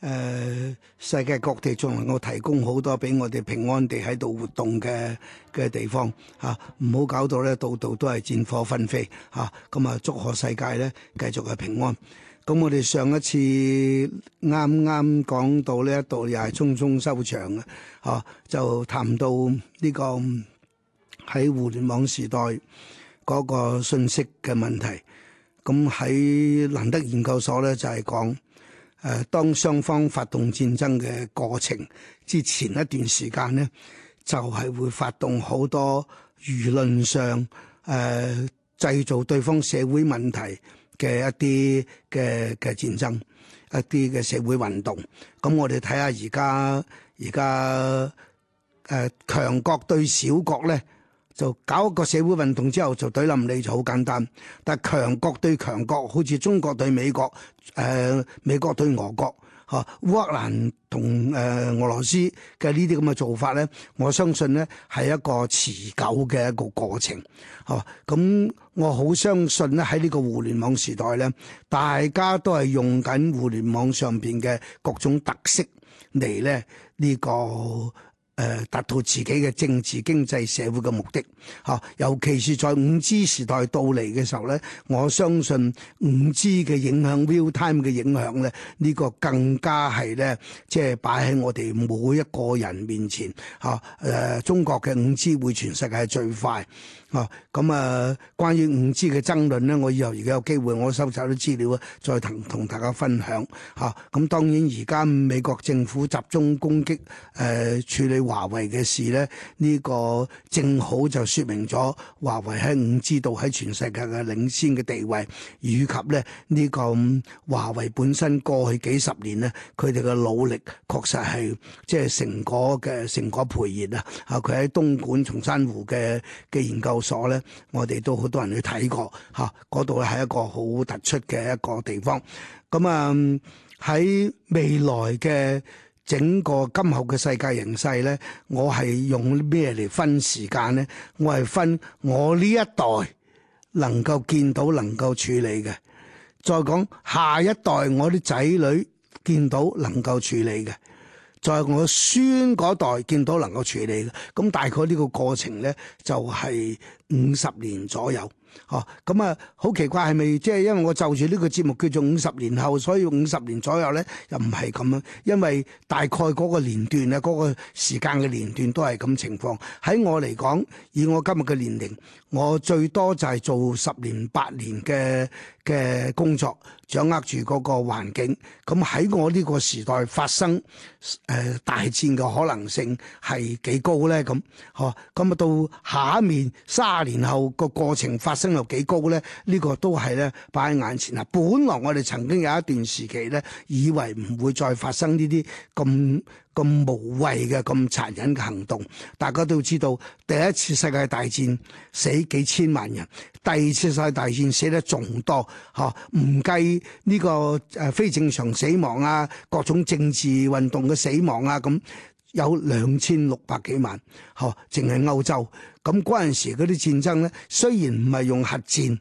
誒世界各地仲能夠提供好多俾我哋平安地喺度活動嘅嘅地方嚇，唔、啊、好搞到咧到度都係戰火紛飛嚇。咁啊，祝賀世界咧繼續係平安。咁我哋上一次啱啱講到呢一度又係匆匆收場嘅，嚇、啊、就談到呢、這個喺互聯網時代嗰個信息嘅問題。咁喺蘭德研究所咧就係、是、講。誒，當雙方發動戰爭嘅過程之前一段時間咧，就係、是、會發動好多輿論上誒製、呃、造對方社會問題嘅一啲嘅嘅戰爭，一啲嘅社會運動。咁我哋睇下而家而家誒強國對小國咧，就搞一個社會運動之後就懟冧你就好簡單，但係強國對強國，好似中國對美國，誒、呃、美國對俄國，嚇、啊、烏克蘭同誒、呃、俄羅斯嘅呢啲咁嘅做法咧，我相信咧係一個持久嘅一個過程，嚇、啊、咁、嗯、我好相信咧喺呢個互聯網時代咧，大家都係用緊互聯網上邊嘅各種特色嚟咧呢、呢個。誒達到自己嘅政治、經濟、社會嘅目的，嚇，尤其是在五 G 時代到嚟嘅時候咧，我相信五 G 嘅影響、real time 嘅影響咧，呢、這個更加係咧，即係擺喺我哋每一個人面前，嚇、啊，誒、呃，中國嘅五 G 會全世界係最快。啊，咁啊，關於五 G 嘅爭論咧，我以後如果有機會我收集啲資料啊，再同同大家分享吓。咁、啊啊、當然而家美國政府集中攻擊誒、呃、處理華為嘅事咧，呢、呢個正好就說明咗華為喺五 G 度喺全世界嘅領先嘅地位，以及咧呢、呢個華、嗯、為本身過去幾十年咧，佢哋嘅努力確實係即係成果嘅成果培現啊！啊，佢喺東莞松山湖嘅嘅研究。所咧，我哋都好多人去睇過，吓，嗰度咧係一個好突出嘅一個地方。咁啊喺未來嘅整個今後嘅世界形勢咧，我係用咩嚟分時間咧？我係分我呢一代能夠見到、能夠處理嘅，再講下一代我啲仔女見到、能夠處理嘅，就係我孫嗰代見到能夠處理嘅，咁大概呢個過程咧，就係五十年左右。哦，咁啊，嗯，好奇怪，係咪即係因為我就住呢個節目叫做五十年後，所以五十年左右咧又唔係咁樣，因為大概嗰個年段啊，嗰、嗰個時間嘅年段都係咁情況。喺我嚟講，以我今日嘅年齡，我最多就係做十年八年嘅嘅工作，掌握住嗰個環境。咁、嗯，喺我呢個時代發生誒、呃、大戰嘅可能性係幾高咧？咁、嗯，吓咁啊，到下一面卅年後個過程發生。升又幾高咧？呢個都係咧擺喺眼前啊！本來我哋曾經有一段時期咧，以為唔會再發生呢啲咁咁無謂嘅咁殘忍嘅行動。大家都知道，第一次世界大戰死幾千萬人，第二次世界大戰死得仲多，嚇唔計呢個誒非正常死亡啊，各種政治運動嘅死亡啊咁。有兩千六百幾萬，吓淨係歐洲。咁嗰陣時嗰啲戰爭咧，雖然唔係用核戰，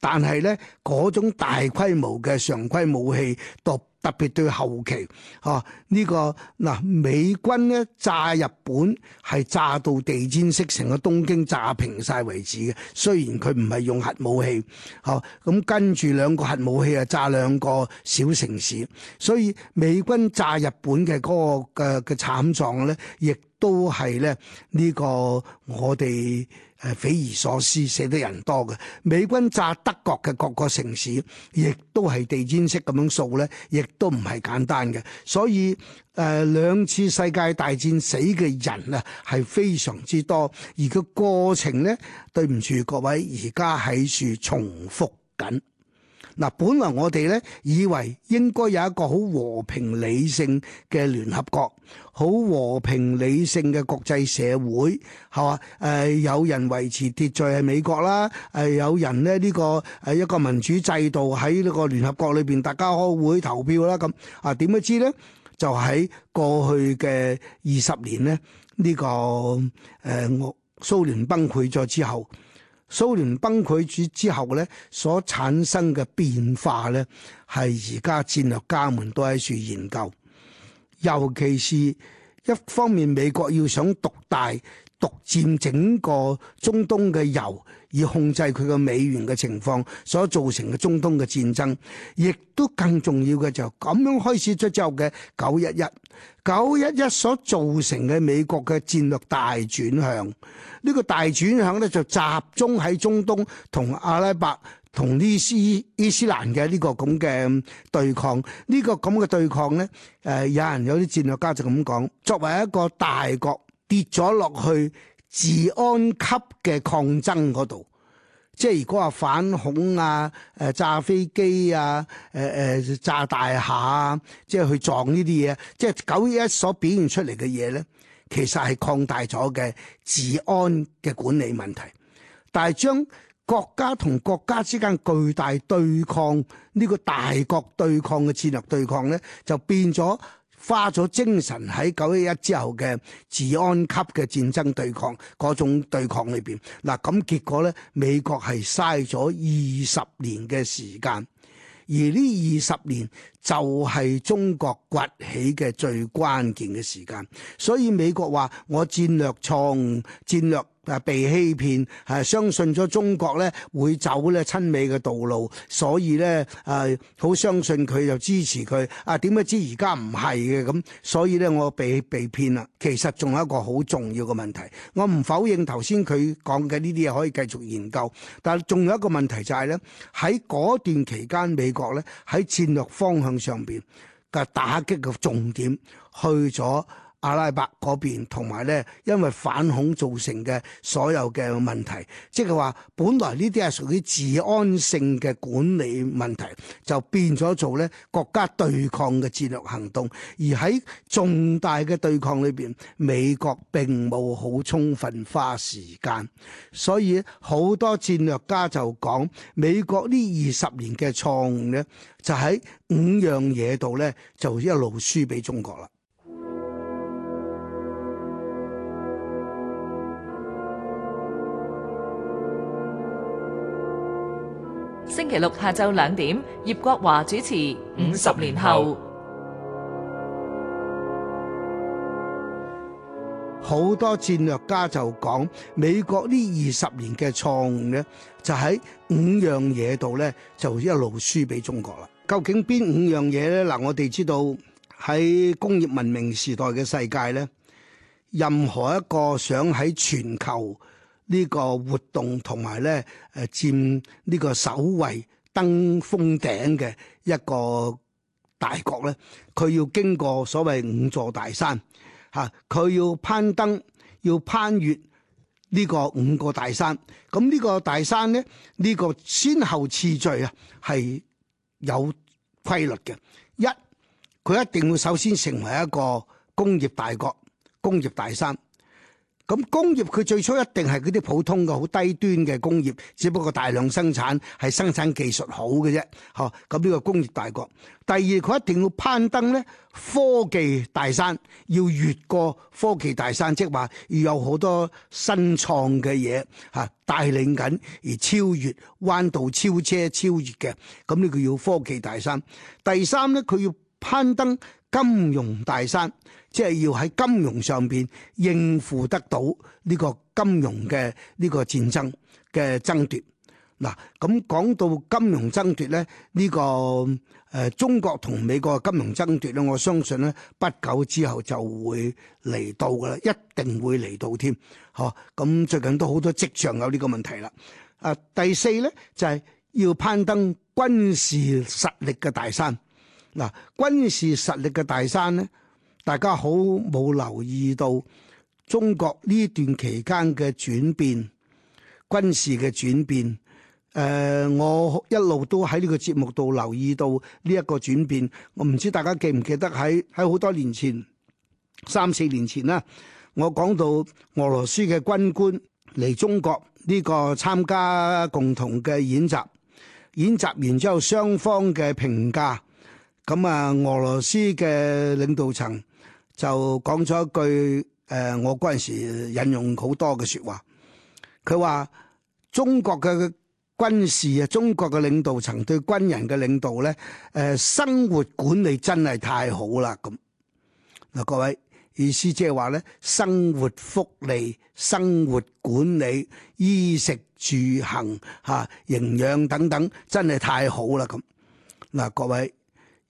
但係咧嗰種大規模嘅常規武器，奪。特別對後期，吓、啊、呢、這個嗱、啊、美軍咧炸日本係炸到地氈式，成個東京炸平晒為止嘅。雖然佢唔係用核武器，吓、啊、咁、啊、跟住兩個核武器就炸兩個小城市，所以美軍炸日本嘅嗰、那個嘅嘅慘狀咧，亦。都係咧，呢個我哋誒匪夷所思，死得人多嘅，美軍炸德國嘅各個城市，亦都係地毯式咁樣掃咧，亦都唔係簡單嘅。所以誒兩次世界大戰死嘅人啊，係非常之多，而個過程咧，對唔住各位，而家喺處重複緊。嗱，本來我哋咧以為應該有一個好和平理性嘅聯合國，好和平理性嘅國際社會，係嘛？誒、呃，有人維持秩序係美國啦，誒、呃，有人咧、這、呢個誒、呃、一個民主制度喺呢個聯合國裏邊，大家開會投票啦咁。啊，點樣知咧？就喺過去嘅二十年咧，呢、這個誒蘇聯崩潰咗之後。蘇聯崩潰主之後咧，所產生嘅變化咧，係而家戰略家們都喺處研究，尤其是一方面美國要想獨大，獨佔整個中東嘅油，以控制佢嘅美元嘅情況，所造成嘅中東嘅戰爭，亦都更重要嘅就咁樣開始出之後嘅九一一九一一所造成嘅美國嘅戰略大轉向，呢個大轉向咧，就集中喺中東同阿拉伯同呢斯伊斯蘭嘅呢個咁嘅對抗，呢個咁嘅對抗咧，誒、呃，有人有啲戰略家就咁講，作為一個大國。跌咗落去治安級嘅抗爭嗰度，即係如果話反恐啊、誒炸飛機啊、誒、呃、誒炸大廈啊，即係去撞呢啲嘢，即係九一一所表現出嚟嘅嘢咧，其實係擴大咗嘅治安嘅管理問題，但係將國家同國家之間巨大對抗呢、呢個大國對抗嘅戰略對抗咧，就變咗。花咗精神喺九一一之後嘅治安級嘅戰爭對抗嗰種對抗裏邊，嗱，咁結果呢，美國係嘥咗二十年嘅時間，而呢二十年。就係中國崛起嘅最關鍵嘅時間，所以美國話我戰略錯誤、戰略誒、啊、被欺騙，係、啊、相信咗中國咧會走咧親美嘅道路，所以咧誒好相信佢就支持佢啊。點解知而家唔係嘅咁？所以咧我被被騙啊，其實仲有一個好重要嘅問題，我唔否認頭先佢講嘅呢啲嘢可以繼續研究，但係仲有一個問題就係咧喺嗰段期間，美國咧喺戰略方向。上上邊嘅打擊嘅重點去咗。阿拉伯嗰邊，同埋咧，因為反恐造成嘅所有嘅問題，即係話本來呢啲係屬於治安性嘅管理問題，就變咗做咧國家對抗嘅戰略行動。而喺重大嘅對抗裏邊，美國並冇好充分花時間，所以好多戰略家就講，美國呢二十年嘅錯誤咧，就喺五樣嘢度咧，就一路輸俾中國啦。星期六下晝兩點，葉國華主持《五十年後》。好多戰略家就講，美國呢二十年嘅錯誤咧，就喺五樣嘢度咧，就一路輸俾中國啦。究竟邊五樣嘢咧？嗱，我哋知道喺工業文明時代嘅世界咧，任何一個想喺全球。呢個活動同埋咧，誒佔呢個首位登峰頂嘅一個大國咧，佢要經過所謂五座大山嚇，佢要攀登，要攀越呢個五個大山。咁呢個大山咧，呢個先後次序啊，係有規律嘅。一，佢一定要首先成為一個工業大國、工業大山。咁工業佢最初一定係嗰啲普通嘅好低端嘅工業，只不過大量生產係生產技術好嘅啫，嚇！咁呢個工業大國。第二佢一定要攀登咧科技大山，要越過科技大山，即係話要有好多新創嘅嘢嚇，帶領緊而超越彎道超車超越嘅。咁呢個叫科技大山。第三咧佢要攀登金融大山，即係要喺金融上邊應付得到呢個金融嘅呢個戰爭嘅爭奪。嗱，咁講到金融爭奪咧，呢個誒中國同美國嘅金融爭奪咧，我相信咧不久之後就會嚟到噶啦，一定會嚟到添吓。咁最近都好多跡象有呢個問題啦。啊，第四咧就係要攀登軍事實力嘅大山。嗱、啊，軍事實力嘅大山咧，大家好冇留意到中國呢段期間嘅轉變，軍事嘅轉變。誒、呃，我一路都喺呢個節目度留意到呢一個轉變。我唔知大家記唔記得喺喺好多年前，三四年前啦，我講到俄羅斯嘅軍官嚟中國呢、這個參加共同嘅演習，演習完之後雙方嘅評價。咁啊！俄羅斯嘅領導層就講咗一句誒，我嗰陣時引用好多嘅說話，佢話中國嘅軍事啊，中國嘅領導層對軍人嘅領導咧，誒，生活管理真係太好啦。咁嗱，各位意思即係話咧，生活福利、生活管理、衣食住行吓、營養等等，真係太好啦。咁嗱，各位。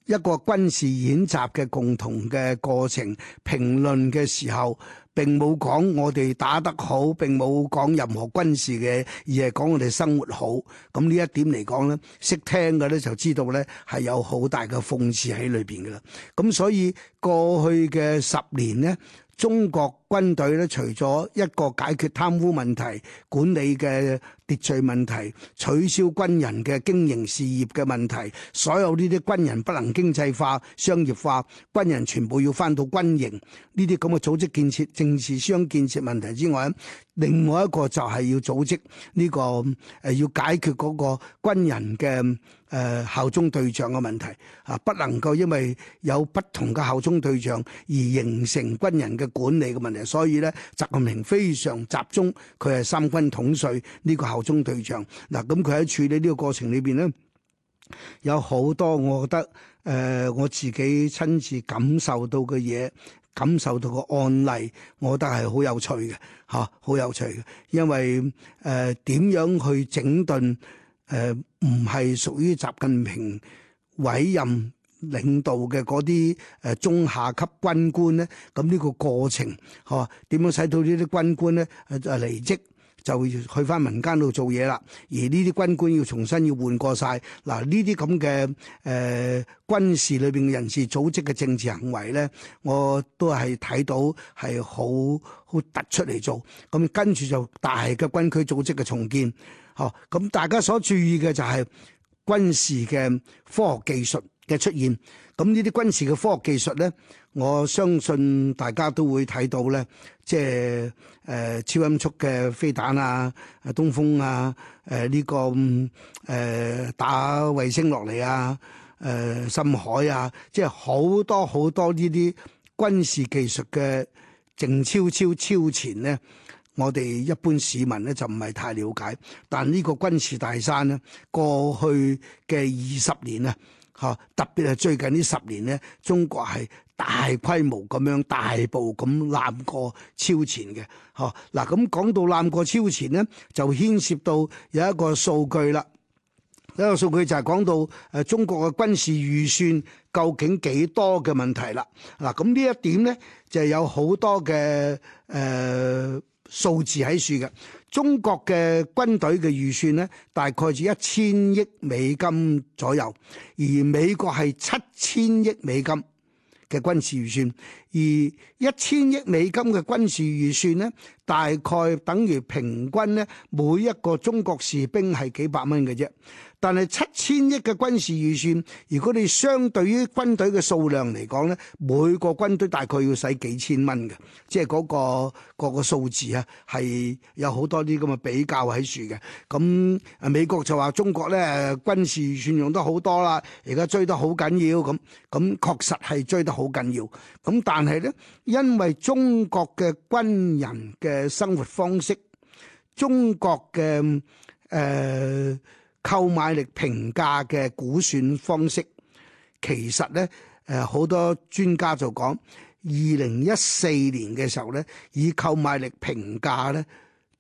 一個軍事演習嘅共同嘅過程，評論嘅時候，並冇講我哋打得好，並冇講任何軍事嘅，而係講我哋生活好。咁呢一點嚟講咧，識聽嘅咧就知道咧係有好大嘅諷刺喺裏邊噶啦。咁所以過去嘅十年呢，中國。軍隊咧，除咗一個解決貪污問題、管理嘅秩序問題、取消軍人嘅經營事業嘅問題，所有呢啲軍人不能經濟化、商業化，軍人全部要翻到軍營，呢啲咁嘅組織建設、政治相建設問題之外，咧，另外一個就係要組織呢個誒、呃、要解決嗰個軍人嘅誒、呃、效忠對象嘅問題啊，不能夠因為有不同嘅效忠對象而形成軍人嘅管理嘅問題。所以咧，習近平非常集中，佢係三軍統帥呢個效忠對象。嗱，咁佢喺處理呢個過程裏邊咧，有好多我覺得誒、呃，我自己親自感受到嘅嘢，感受到個案例，我覺得係好有趣嘅，吓、啊，好有趣嘅。因為誒，點、呃、樣去整頓誒，唔係屬於習近平委任，領導嘅嗰啲誒中下級軍官咧，咁呢個過程嚇點樣使到呢啲軍官咧就離職，就去翻民間度做嘢啦。而呢啲軍官要重新要換過晒，嗱，呢啲咁嘅誒軍事裏邊嘅人士組織嘅政治行為咧，我都係睇到係好好突出嚟做。咁跟住就大嘅軍區組織嘅重建，嚇，咁大家所注意嘅就係、是。軍事嘅科學技術嘅出現，咁呢啲軍事嘅科學技術咧，我相信大家都會睇到咧，即係誒、呃、超音速嘅飛彈啊，東風啊，誒、呃、呢、這個誒、呃、打衛星落嚟啊，誒、呃、深海啊，即係好多好多呢啲軍事技術嘅靜超超超，超前咧。我哋一般市民咧就唔係太了解，但呢個軍事大山咧，過去嘅二十年啊，嚇特別係最近呢十年咧，中國係大規模咁樣大步咁攬過超前嘅，嚇嗱咁講到攬過超前咧，就牽涉到有一個數據啦，一個數據就係講到誒、呃、中國嘅軍事預算究竟幾多嘅問題啦，嗱咁呢一點咧就係有好多嘅誒。呃數字喺樹嘅，中國嘅軍隊嘅預算呢，大概係一千億美金左右，而美國係七千億美金嘅軍事預算，而一千億美金嘅軍事預算呢。大概等於平均咧，每一個中國士兵係幾百蚊嘅啫。但係七千億嘅軍事預算，如果你相對於軍隊嘅數量嚟講咧，每個軍隊大概要使幾千蚊嘅。即係嗰、嗰個、嗰個個數字啊，係有好多啲咁嘅比較喺處嘅。咁、嗯、誒美國就話中國咧軍事預算用得好多啦，而家追得好緊要咁，咁確實係追得好緊要。咁、嗯嗯嗯、但係咧，因為中國嘅軍人嘅嘅生活方式，中國嘅誒、呃、購買力評價嘅估算方式，其實咧誒好多專家就講，二零一四年嘅時候咧，以購買力評價咧，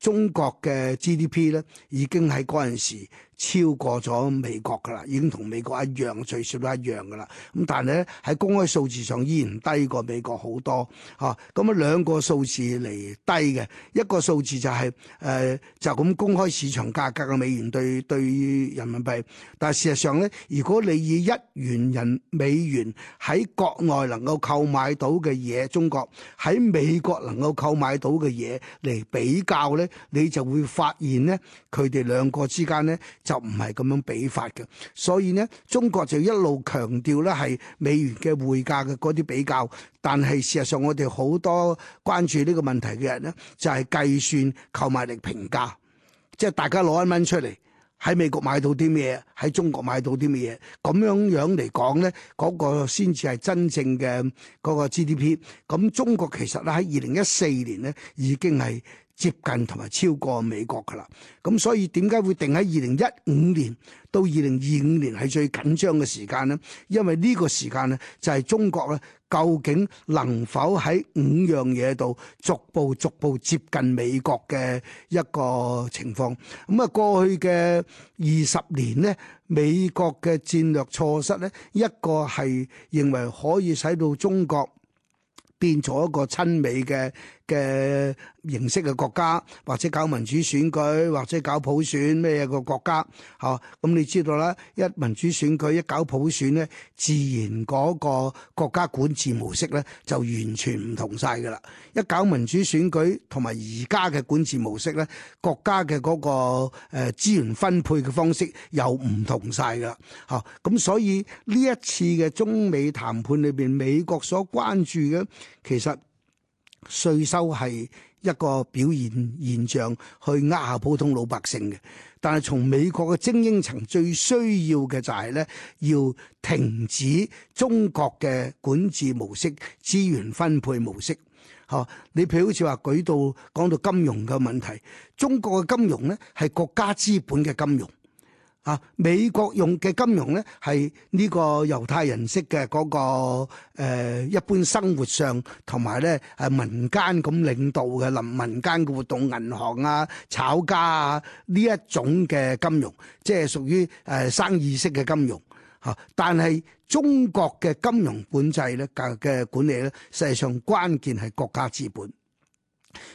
中國嘅 GDP 咧已經喺嗰陣時。超過咗美國噶啦，已經同美國一樣，最少都一樣噶啦。咁但係咧喺公開數字上依然低過美國好多，嚇、啊。咁、嗯、啊兩個數字嚟低嘅，一個數字就係、是、誒、呃、就咁、是、公開市場價格嘅美元對對人民幣。但係事實上咧，如果你以一元人美元喺國內能夠購買到嘅嘢，中國喺美國能夠購買到嘅嘢嚟比較咧，你就會發現咧佢哋兩個之間咧。就唔係咁樣比法嘅，所以呢，中國就一路強調咧係美元嘅匯價嘅嗰啲比較，但係事實上我哋好多關注呢個問題嘅人呢，就係、是、計算購買力平價，即係大家攞一蚊出嚟喺美國買到啲咩嘢，喺中國買到啲咩嘢，咁樣樣嚟講呢，嗰、那個先至係真正嘅嗰個 GDP。咁中國其實咧喺二零一四年呢已經係。接近同埋超過美國㗎啦，咁所以點解會定喺二零一五年到二零二五年係最緊張嘅時間呢？因為呢個時間呢，就係中國咧究竟能否喺五樣嘢度逐步逐步接近美國嘅一個情況。咁啊，過去嘅二十年呢，美國嘅戰略錯失呢，一個係認為可以使到中國變咗一個親美嘅嘅形式嘅國家，或者搞民主選舉或者搞普選咩嘅國家，吓，咁、嗯、你知道啦，一民主選舉，一搞普選咧，自然嗰個國家管治模式咧就完全唔同晒噶啦。一搞民主選舉同埋而家嘅管治模式咧，國家嘅嗰個誒資源分配嘅方式又唔同晒噶啦，吓，咁、嗯、所以呢一次嘅中美談判裏邊美國所關注嘅其實。稅收係一個表現現象去呃下普通老百姓嘅，但係從美國嘅精英層最需要嘅就係咧，要停止中國嘅管治模式、資源分配模式。嚇，你譬如好似話舉到講到金融嘅問題，中國嘅金融咧係國家資本嘅金融。啊！美國用嘅金融咧，係呢個猶太人式嘅嗰、那個、呃、一般生活上同埋咧誒民間咁領導嘅民民間嘅活動、銀行啊、炒家啊呢一種嘅金融，即係屬於誒、呃、生意式嘅金融嚇、啊。但係中國嘅金融管制咧嘅嘅管理咧，實際上關鍵係國家資本。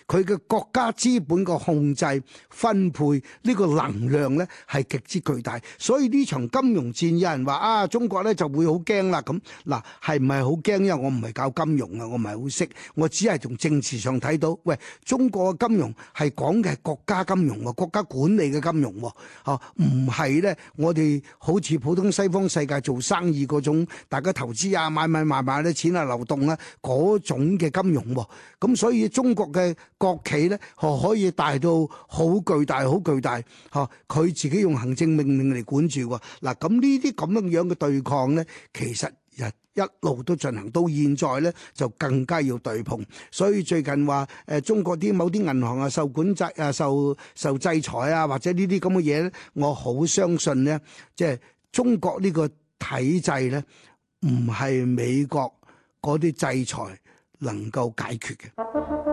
佢嘅國家資本嘅控制分配呢，這個能量呢係極之巨大，所以呢場金融戰有人話啊，中國呢就會好驚啦。咁嗱，係唔係好驚？因為我唔係教金融啊，我唔係好識，我只係從政治上睇到，喂，中國嘅金融係講嘅係國家金融，啊，國家管理嘅金融，啊，吓唔係呢，我哋好似普通西方世界做生意嗰種，大家投資啊，買買買買啲錢啊流動啊嗰種嘅金融，啊，咁所以中國嘅。國企咧可可以大到好巨大，好巨大，嗬！佢自己用行政命令嚟管住。嗱，咁呢啲咁樣樣嘅對抗咧，其實一一路都進行到現在咧，就更加要對碰。所以最近話誒，中國啲某啲銀行啊，受管制啊，受受制裁啊，或者呢啲咁嘅嘢咧，我好相信咧，即係中國呢個體制咧，唔係美國嗰啲制裁能夠解決嘅。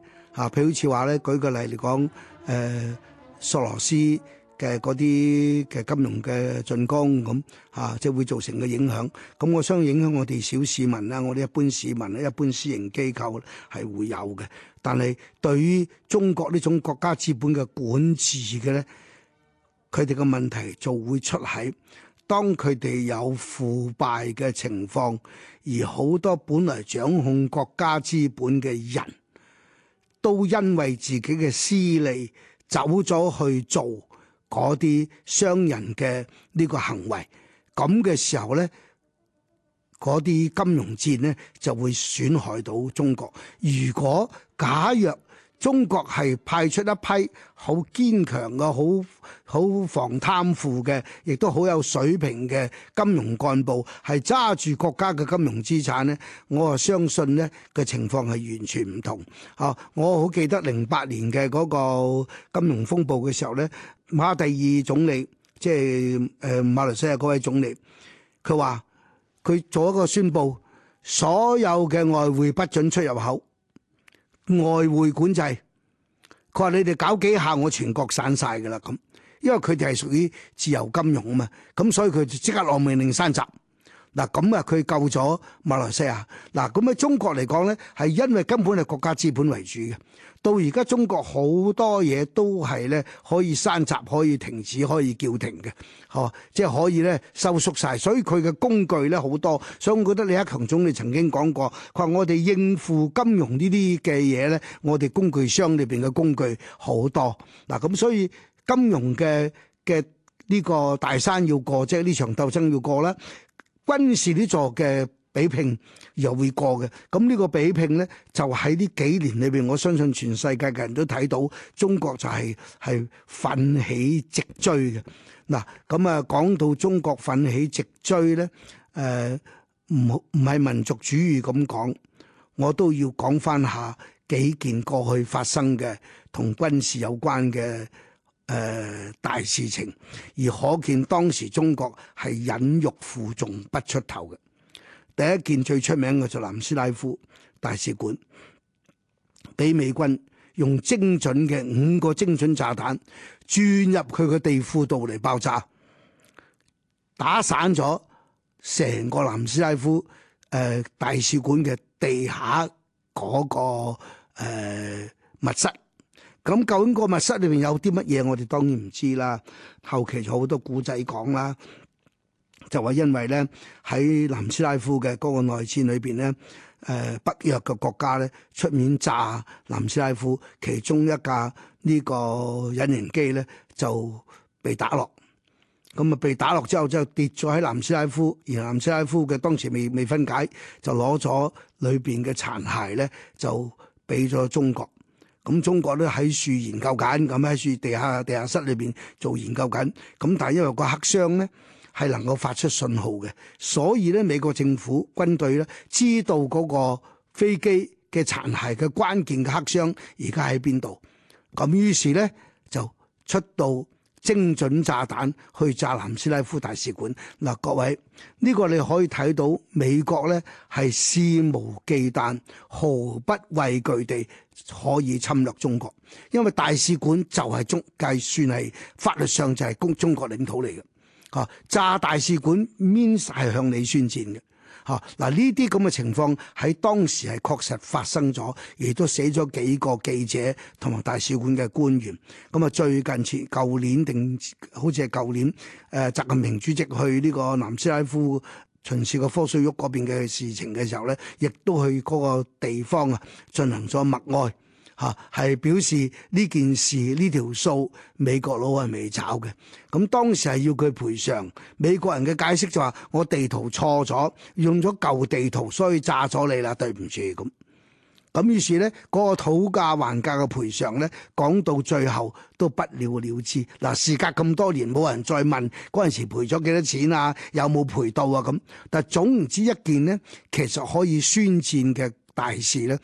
啊，譬如好似話咧，舉個例嚟講，誒索羅斯嘅嗰啲嘅金融嘅進攻咁，啊，即係會造成嘅影響，咁、嗯、我相信影響我哋小市民啦，我哋一般市民咧，一般私營機構係會有嘅。但係對於中國呢種國家資本嘅管治嘅咧，佢哋嘅問題就會出喺當佢哋有腐敗嘅情況，而好多本來掌控國家資本嘅人。都因為自己嘅私利走咗去做嗰啲商人嘅呢個行為，咁嘅時候呢，嗰啲金融戰呢就會損害到中國。如果假若，中國係派出一批好堅強嘅、好好防貪腐嘅，亦都好有水平嘅金融幹部，係揸住國家嘅金融資產咧。我啊相信咧嘅情況係完全唔同嚇。我好記得零八年嘅嗰個金融風暴嘅時候咧，馬蒂爾總理即係誒馬來西亞嗰位總理，佢話佢做一個宣佈，所有嘅外匯不准出入口。外匯管制，佢話你哋搞幾下，我全國散晒噶啦咁，因為佢哋係屬於自由金融啊嘛，咁所以佢就即刻落命令山集。嗱咁啊，佢救咗馬來西亞。嗱咁喺中國嚟講咧，係因為根本係國家資本為主嘅。到而家中國好多嘢都係咧可以閂閘，可以停止，可以叫停嘅，呵，即係可以咧收縮晒。所以佢嘅工具咧好多。所以我覺得李克強總理曾經講過，佢話我哋應付金融呢啲嘅嘢咧，我哋工具箱裏邊嘅工具好多。嗱咁所以金融嘅嘅呢個大山要過，即係呢場鬥爭要過啦。軍事呢座嘅比拼又會過嘅，咁呢個比拼咧就喺呢幾年裏邊，我相信全世界嘅人都睇到、就是、到中國就係係奮起直追嘅。嗱、呃，咁啊講到中國奮起直追咧，誒唔唔係民族主義咁講，我都要講翻下幾件過去發生嘅同軍事有關嘅。誒、呃、大事情，而可見當時中國係忍辱負重不出頭嘅。第一件最出名嘅就係南斯拉夫大使館，俾美軍用精準嘅五個精準炸彈，鑽入佢嘅地庫度嚟爆炸，打散咗成個南斯拉夫誒、呃、大使館嘅地下嗰、那個誒、呃、密室。咁究竟個密室裏邊有啲乜嘢？我哋當然唔知啦。後期有好多古仔講啦，就話因為咧喺南斯拉夫嘅嗰個內戰裏邊咧，誒、呃、北約嘅國家咧出面炸南斯拉夫，其中一架個呢個隱形機咧就被打落。咁、嗯、啊被打落之後，就跌咗喺南斯拉夫，而南斯拉夫嘅當時未未分解，就攞咗裏邊嘅殘骸咧，就俾咗中國。咁中國咧喺處研究緊，咁喺處地下地下室裏邊做研究緊。咁但係因為個黑箱咧係能夠發出信號嘅，所以咧美國政府軍隊咧知道嗰個飛機嘅殘骸嘅關鍵嘅黑箱而家喺邊度。咁於是咧就出到精準炸彈，去炸南斯拉夫大使館，嗱、啊、各位呢、呢個你可以睇到美國咧係肆無忌憚、毫不畏懼地可以侵略中國，因為大使館就係、是、中，計算係法律上就係公中國領土嚟嘅，吓、啊、炸大使館 mean 晒係向你宣戰嘅。嗱，呢啲咁嘅情況喺當時係確實發生咗，亦都死咗幾個記者同埋大使館嘅官員。咁、嗯、啊，最近前舊年定好似係舊年，誒、呃，習近平主席去呢個南斯拉夫巡視個科索沃嗰邊嘅事情嘅時候咧，亦都去嗰個地方啊，進行咗默哀。吓係表示呢件事呢條數美國佬係未找嘅，咁當時係要佢賠償。美國人嘅解釋就話：我地圖錯咗，用咗舊地圖，所以炸咗你啦，對唔住咁。咁於是呢個討價還價嘅賠償呢，講到最後都不了了之。嗱，事隔咁多年，冇人再問嗰陣時賠咗幾多錢啊？有冇賠到啊？咁，但總唔知一件呢，其實可以宣戰嘅大事呢。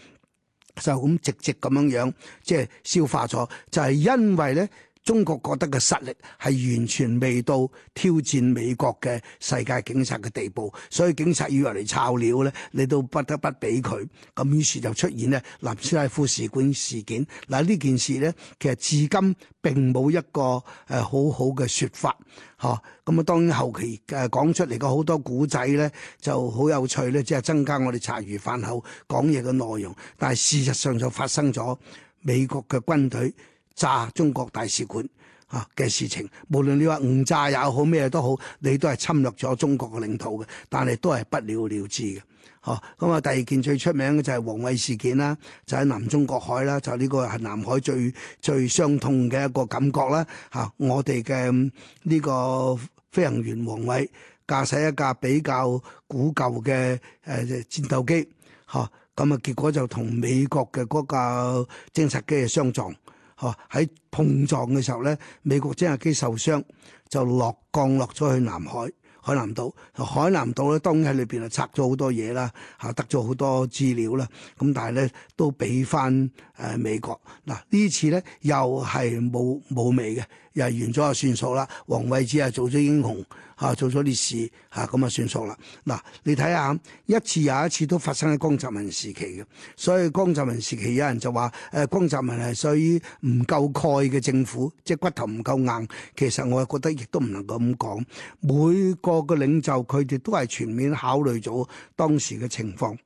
就咁直接咁樣樣，即係消化咗，就係因為咧。中國覺得嘅實力係完全未到挑戰美國嘅世界警察嘅地步，所以警察要入嚟抄料咧，你都不得不俾佢。咁於是就出現咧南斯拉夫使館事件。事件，嗱呢件事呢，其實至今並冇一個誒好好嘅説法，嚇。咁啊，當然後期誒講出嚟嘅好多古仔呢，就好有趣咧，即係增加我哋茶餘飯後講嘢嘅內容。但係事實上就發生咗美國嘅軍隊。炸中國大使館啊嘅事情，無論你話誤炸也好咩都好，你都係侵入咗中國嘅領土嘅，但係都係不了了之嘅。嚇，咁啊第二件最出名嘅就係王偉事件啦，就喺南中國海啦，就呢個係南海最最傷痛嘅一個感覺啦。嚇，我哋嘅呢個飛行員王偉駕駛一架比較古舊嘅誒戰鬥機，嚇咁啊結果就同美國嘅嗰架偵察機相撞。嚇喺碰撞嘅時候咧，美國偵察機受傷就落降落咗去南海海南島，海南島咧當然喺裏邊啊拆咗好多嘢啦，嚇得咗好多資料啦，咁但係咧都俾翻誒美國。嗱呢次咧又係冇冇味嘅。又完咗就算數啦，王偉啊做咗英雄，嚇、啊、做咗烈士嚇咁啊就算數啦。嗱，你睇下一次又一次都發生喺江澤民時期嘅，所以江澤民時期有人就話誒、呃、江澤民係屬於唔夠鈣嘅政府，即係骨頭唔夠硬。其實我覺得亦都唔能夠咁講，每個嘅領袖佢哋都係全面考慮咗當時嘅情況。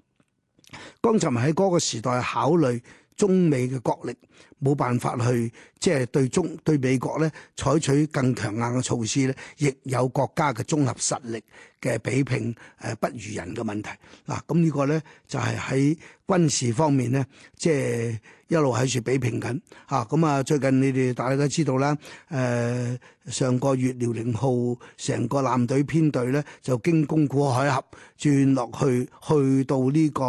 江澤民喺嗰個時代考慮。中美嘅角力冇辦法去，即係對中對美國咧採取更強硬嘅措施咧，亦有國家嘅綜合實力。嘅比拼，誒不如人嘅問題，嗱，咁呢個咧就係喺軍事方面咧，即係一路喺處比拼緊，嚇，咁啊最近你哋大家都知道啦，誒上個月遼寧號成個艦隊編隊咧就經宮古海峽轉落去，去到呢個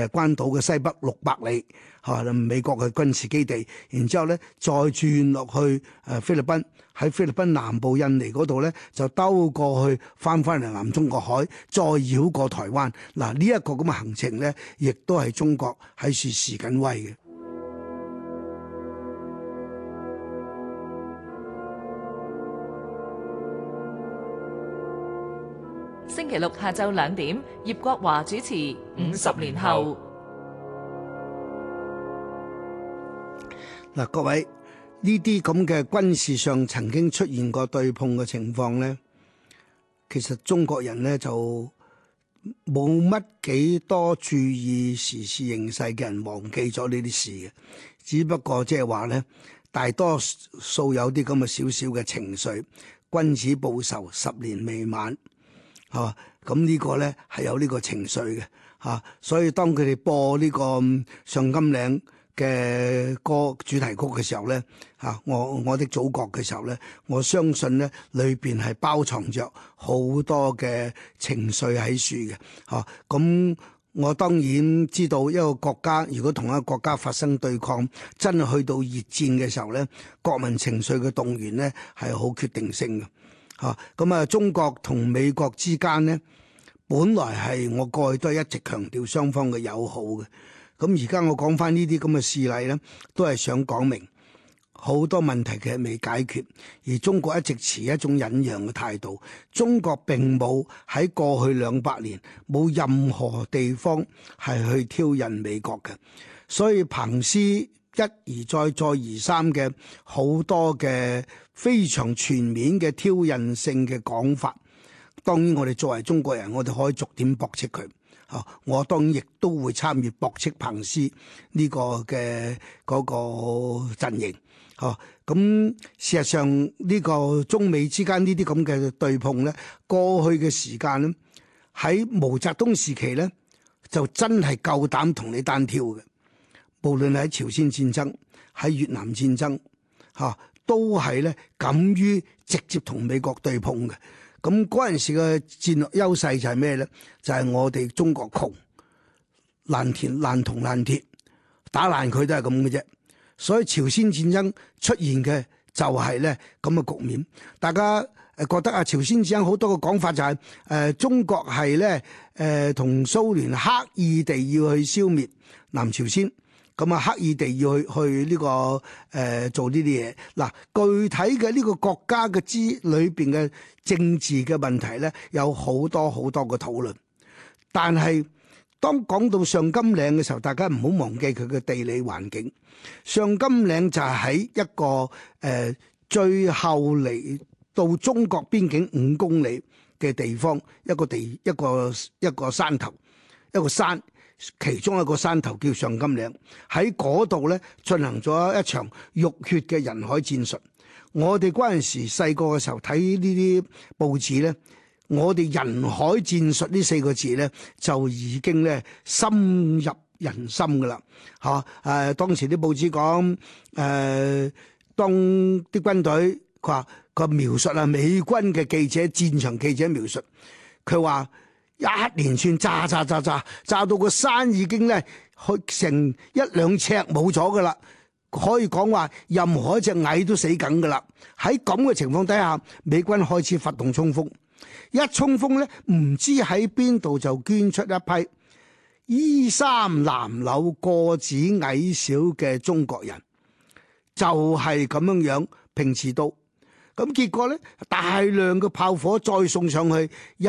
誒關島嘅西北六百里嚇，美國嘅軍事基地，然之後咧再轉落去誒菲律賓。喺菲律賓南部、印尼嗰度咧，就兜過去翻返嚟南中國海，再繞過台灣。嗱，呢一個咁嘅行程咧，亦都係中國喺處示緊威嘅。星期六下晝兩點，葉國華主持《五十年後》。嗱，各位。呢啲咁嘅軍事上曾經出現過對碰嘅情況咧，其實中國人咧就冇乜幾多注意時事形勢嘅人忘記咗呢啲事嘅，只不過即係話咧，大多數有啲咁嘅少少嘅情緒，君子報仇，十年未晚，嚇咁呢個咧係有呢個情緒嘅嚇、啊，所以當佢哋播呢、呢個上甘嶺。嘅歌主題曲嘅時候咧，嚇我我的祖國嘅時候咧，我相信咧裏邊係包藏著好多嘅情緒喺處嘅，嚇、啊、咁、嗯、我當然知道一個國家如果同一個國家發生對抗，真係去到熱戰嘅時候咧，國民情緒嘅動員咧係好決定性嘅，嚇咁啊、嗯嗯、中國同美國之間咧，本來係我過去都係一直強調雙方嘅友好嘅。咁而家我講翻呢啲咁嘅事例咧，都係想講明好多問題其實未解決，而中國一直持一種忍讓嘅態度。中國並冇喺過去兩百年冇任何地方係去挑釁美國嘅，所以彭斯一而再、再而三嘅好多嘅非常全面嘅挑釁性嘅講法，當然我哋作為中國人，我哋可以逐點駁斥佢。哦，我當然亦都會參與駁斥彭斯呢個嘅嗰個陣營。咁事實上呢個中美之間呢啲咁嘅對碰咧，過去嘅時間咧，喺毛澤東時期咧，就真係夠膽同你單挑嘅。無論喺朝鮮戰爭、喺越南戰爭，嚇、啊、都係咧，敢於直接同美國對碰嘅。咁嗰陣時嘅戰略優勢就係咩咧？就係、是、我哋中國窮，爛田、爛銅、爛鐵，打爛佢都係咁嘅啫。所以朝鮮戰爭出現嘅就係咧咁嘅局面，大家誒覺得啊，朝鮮戰爭好多嘅講法就係、是、誒、呃、中國係咧誒同蘇聯刻意地要去消滅南朝鮮。咁啊，刻意地要去去呢、這個誒、呃、做呢啲嘢。嗱、啊，具體嘅呢個國家嘅資裏邊嘅政治嘅問題咧，有好多好多個討論。但係當講到上甘嶺嘅時候，大家唔好忘記佢嘅地理環境。上甘嶺就係喺一個誒、呃、最後嚟到中國邊境五公里嘅地方，一個地一個一個，一個山頭，一個山。其中一個山頭叫上甘嶺，喺嗰度咧進行咗一場浴血嘅人海戰術。我哋嗰陣時細個嘅時候睇呢啲報紙咧，我哋人海戰術呢四個字咧就已經咧深入人心㗎啦。嚇、啊，誒、呃、當時啲報紙講誒、呃，當啲軍隊佢話佢描述啊，美軍嘅記者戰場記者描述，佢話。一連串炸炸炸炸，炸到個山已經咧，去成一兩尺冇咗噶啦，可以講話任何一隻蟻都死緊噶啦。喺咁嘅情況底下，美軍開始發動衝鋒，一衝鋒咧，唔知喺邊度就捐出一批衣衫襤褸、個子矮小嘅中國人，就係、是、咁樣樣平持刀。咁結果咧，大量嘅炮火再送上去一。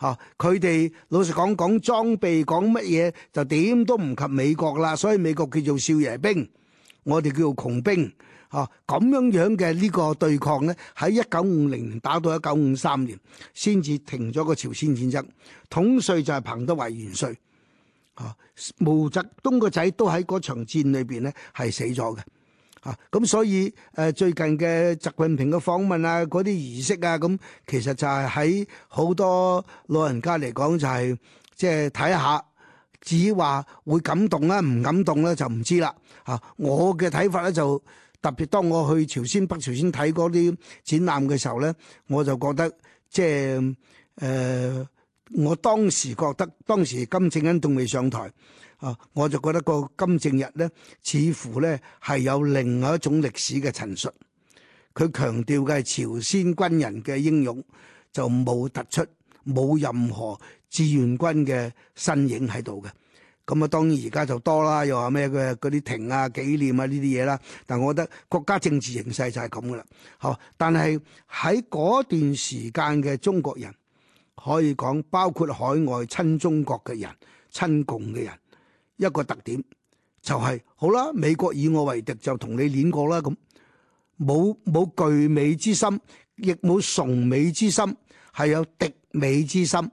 吓，佢哋老實講，講裝備，講乜嘢，就點都唔及美國啦，所以美國叫做少爺兵，我哋叫做窮兵。吓、啊、咁樣樣嘅呢個對抗咧，喺一九五零年打到一九五三年，先至停咗個朝鮮戰爭。統帥就係彭德懷元帥。吓、啊，毛澤東個仔都喺嗰場戰裏邊咧係死咗嘅。咁、啊、所以誒、呃、最近嘅習近平嘅訪問啊，嗰啲儀式啊，咁、嗯、其實就係喺好多老人家嚟講、就是，就係即係睇下，至於話會感動咧、啊，唔感動咧、啊、就唔知啦。嚇、啊，我嘅睇法咧，就特別當我去朝鮮北朝鮮睇嗰啲展覽嘅時候咧，我就覺得即係誒，我當時覺得當時金正恩仲未上台。我就覺得個金正日咧，似乎咧係有另外一種歷史嘅陳述。佢強調嘅係朝鮮軍人嘅英勇，就冇突出冇任何志願軍嘅身影喺度嘅。咁、嗯、啊，當然而家就多啦，又話咩嘅嗰啲亭啊、紀念啊呢啲嘢啦。但我覺得國家政治形勢就係咁噶啦。好，但係喺嗰段時間嘅中國人，可以講包括海外親中國嘅人、親共嘅人。一個特點就係、是、好啦，美國以我為敵就同你練過啦咁，冇冇懼美之心，亦冇崇美之心，係有敵美之心。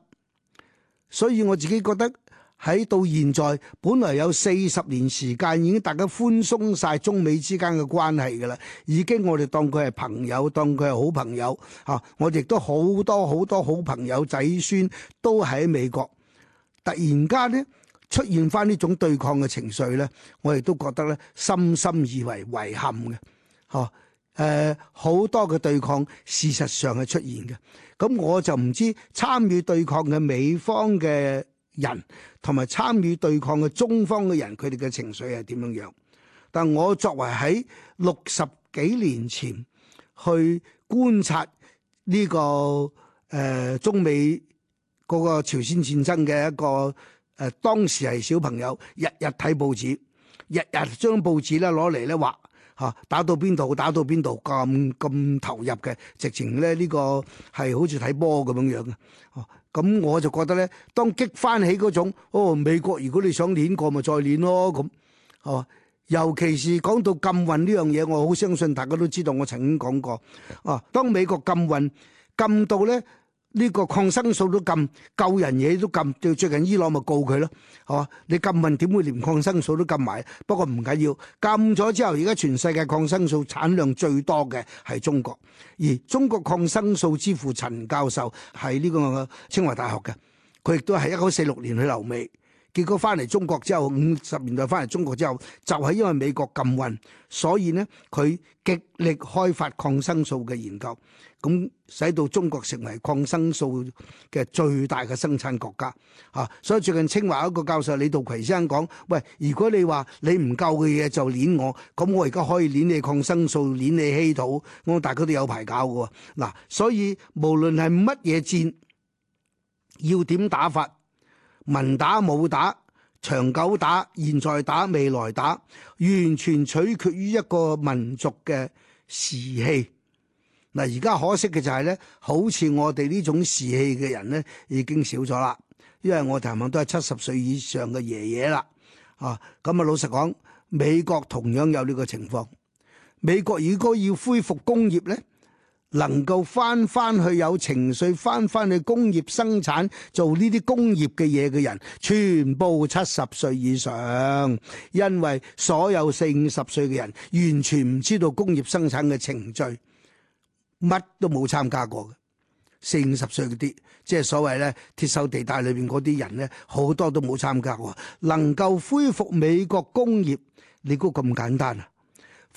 所以我自己覺得喺到現在，本來有四十年時間已經大家寬鬆晒中美之間嘅關係噶啦，已經我哋當佢係朋友，當佢係好朋友吓、啊，我哋亦都好多好多好朋友仔孫都喺美國，突然間呢。出現翻呢種對抗嘅情緒咧，我亦都覺得咧，深深以為遺憾嘅，嚇誒好多嘅對抗事實上係出現嘅。咁我就唔知參與對抗嘅美方嘅人同埋參與對抗嘅中方嘅人，佢哋嘅情緒係點樣樣？但我作為喺六十幾年前去觀察呢、這個誒、呃、中美嗰個朝鮮戰爭嘅一個。誒，當時係小朋友，日日睇報紙，日日將報紙咧攞嚟咧畫吓，打到邊度打到邊度咁，咁投入嘅，直情咧呢個係好似睇波咁樣樣嘅。咁、哦、我就覺得咧，當激翻起嗰種哦，美國如果你想練過，過，咪再練咯咁。哦，尤其是講到禁運呢樣嘢，我好相信大家都知道，我曾經講過。哦，當美國禁運禁到咧～呢個抗生素都禁，救人嘢都禁，最最近伊朗咪告佢咯，係嘛？你禁問點會連抗生素都禁埋？不過唔緊要，禁咗之後，而家全世界抗生素產量最多嘅係中國，而中國抗生素之父陳教授係呢個清華大學嘅，佢亦都係一九四六年去留美。結果翻嚟中國之後，五十年代翻嚟中國之後，就係因為美國禁運，所以呢佢極力開發抗生素嘅研究，咁使到中國成為抗生素嘅最大嘅生產國家。吓，所以最近清華一個教授李道葵先生講：喂，如果你話你唔夠嘅嘢就捻我，咁我而家可以捻你抗生素，捻你稀土，我大家都有排搞嘅。嗱，所以無論係乜嘢戰，要點打法？文打武打，長久打，現在打，未來打，完全取決於一個民族嘅士氣。嗱，而家可惜嘅就係、是、咧，好似我哋呢種士氣嘅人咧，已經少咗啦。因為我提問都係七十歲以上嘅爺爺啦，啊，咁、嗯、啊老實講，美國同樣有呢個情況。美國如果要恢復工業咧？能夠返返去有情緒，返返去工業生產做呢啲工業嘅嘢嘅人，全部七十歲以上，因為所有四五十歲嘅人完全唔知道工業生產嘅程序，乜都冇參加過嘅。四五十歲嗰啲，即係所謂咧鐵手地帶裏邊嗰啲人咧，好多都冇參加喎。能夠恢復美國工業，你估咁簡單啊？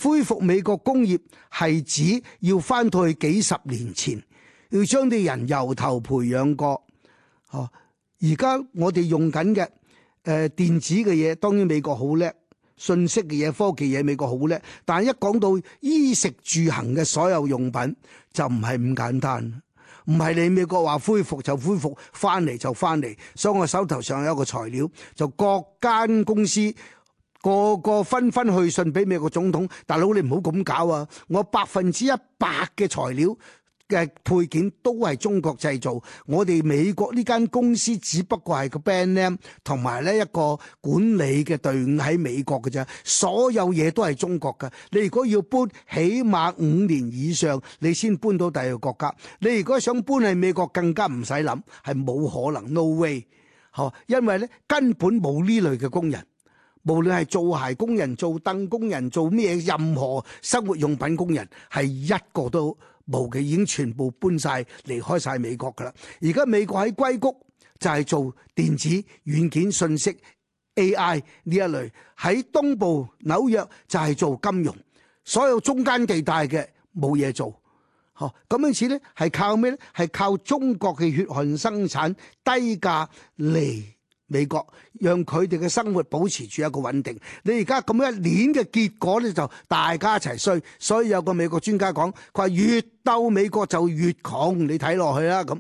恢復美國工業係指要翻到去幾十年前，要將啲人由頭培養過。哦，而家我哋用緊嘅誒電子嘅嘢，當然美國好叻，信息嘅嘢、科技嘢美國好叻。但係一講到衣食住行嘅所有用品，就唔係咁簡單，唔係你美國話恢復就恢復，翻嚟就翻嚟。所以我手頭上有一個材料，就各間公司。個個紛紛去信俾美國總統，大佬你唔好咁搞啊！我百分之一百嘅材料嘅配件都係中國製造，我哋美國呢間公司只不過係個 band name，同埋呢一個管理嘅隊伍喺美國㗎啫，所有嘢都係中國㗎。你如果要搬，起碼五年以上，你先搬到第二個國家。你如果想搬去美國，更加唔使諗，係冇可能，no way，嚇，因為呢根本冇呢類嘅工人。無論係做鞋工人、做凳工人、做咩任何生活用品工人，係一個都冇嘅，已經全部搬晒離開晒美國噶啦。而家美國喺硅谷就係做電子軟件、信息、AI 呢一類；喺東部紐約就係做金融，所有中間地帶嘅冇嘢做。嗬，咁樣似呢，係靠咩呢？係靠中國嘅血汗生產，低價嚟。美國讓佢哋嘅生活保持住一個穩定，你而家咁樣一連嘅結果咧，就大家一齊衰，所以有個美國專家講，佢話越鬥美國就越窮，你睇落去啦咁。